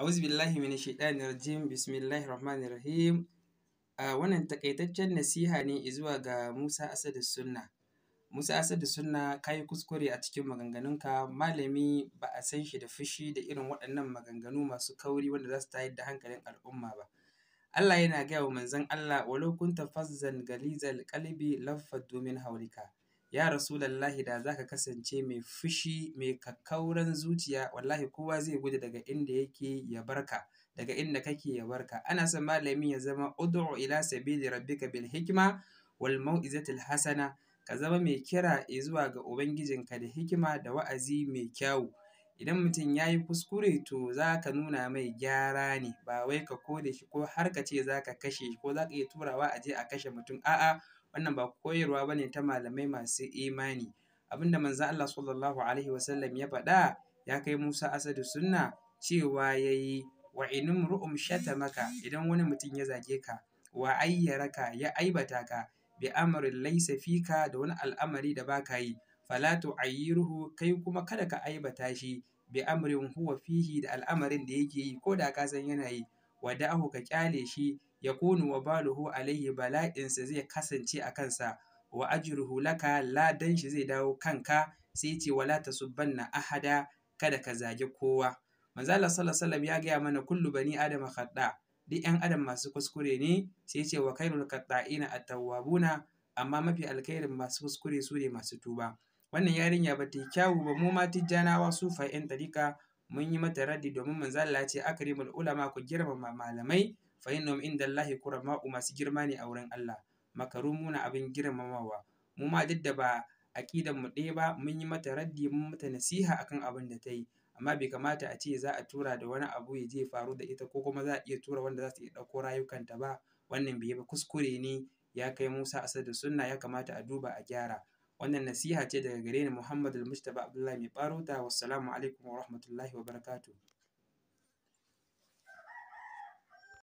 A'udhu billahi minash shaitani rajim. Bismillahir rahmanir rahim. A wannan takaitaccen nasiha ne zuwa ga Musa Asadu Sunna. Musa Asadu Sunna ka yi kuskure a cikin maganganunka malami ba a san shi da fushi da irin waɗannan maganganu masu kauri wanda za su tayar da hankalin al'umma ba. Allah yana gaya wa manzon Allah walau kunta fazzan galizal qalbi laffat domin haurika. ya rasulallahi da zaka kasance mai fushi mai kakkauran zuciya wallahi kowa zai gudu daga inda yake ya barka daga inda kake ya barka ana son malami ya zama ud'u ila sabili rabbika bil hikma wal mau'izatil hasana ka zama mai kira zuwa ga ubangijinka da hikima da wa'azi mai kyawu idan mutum ya yi kuskure to za ka nuna mai gyara ne ba wai ka kode shi ko har ka ce za ka kashe shi ko za ka iya turawa a je a kashe mutum a'a wannan ba koyarwa ba ne ta malamai masu imani abinda manzo Allah sallallahu alaihi wasallam ya faɗa ya kai Musa Asadu sunna cewa yayi wa inum ru'um shatamaka idan wani mutum ya zage ka wa ayyaraka ya aibata ka bi amrin laysa fika da wani al'amari da baka yi fala tu'ayyiruhu kai kuma kada ka aibata shi bi amrin huwa fihi da al'amarin da yake yi ko da ka san yana yi wada'ahu ka kyale shi ya kunu wa baluhu alaihi bala'insa zai kasance a kansa wa ajruhu laka ladan shi zai dawo kanka sai ce wala tasubbanna ahada kada ka zagi kowa manzo Allah sallallahu alaihi ya gaya mana kullu bani adam khata duk yan adam masu kuskure ne sai ce wa kairul qata'ina at-tawwabuna amma mafi alkhairin masu kuskure su ne masu tuba wannan yarinya ba ta yi kyawu ba mu ma tijjanawa su fa'in tarika mun yi mata raddi domin manzo Allah ya ce akrimul ulama ku girmama malamai inda lahi kura kurama'u masu girma ne a wurin Allah na abin girmamawa mu ma duk da ba aƙidan mu ɗaya ba mun yi mata raddi mun mata nasiha akan abin da ta yi amma bai kamata a ce za a tura da wani abu ya je faru da ita ko kuma za a iya tura wanda za su iya ɗauko rayukanta ba wannan bai yi ba kuskure ne ya kai Musa Asadu sunna ya kamata a duba a gyara wannan nasiha ce daga gare ni Muhammad al Abdullahi mai barota wassalamu alaikum wa rahmatullahi wa barakatuh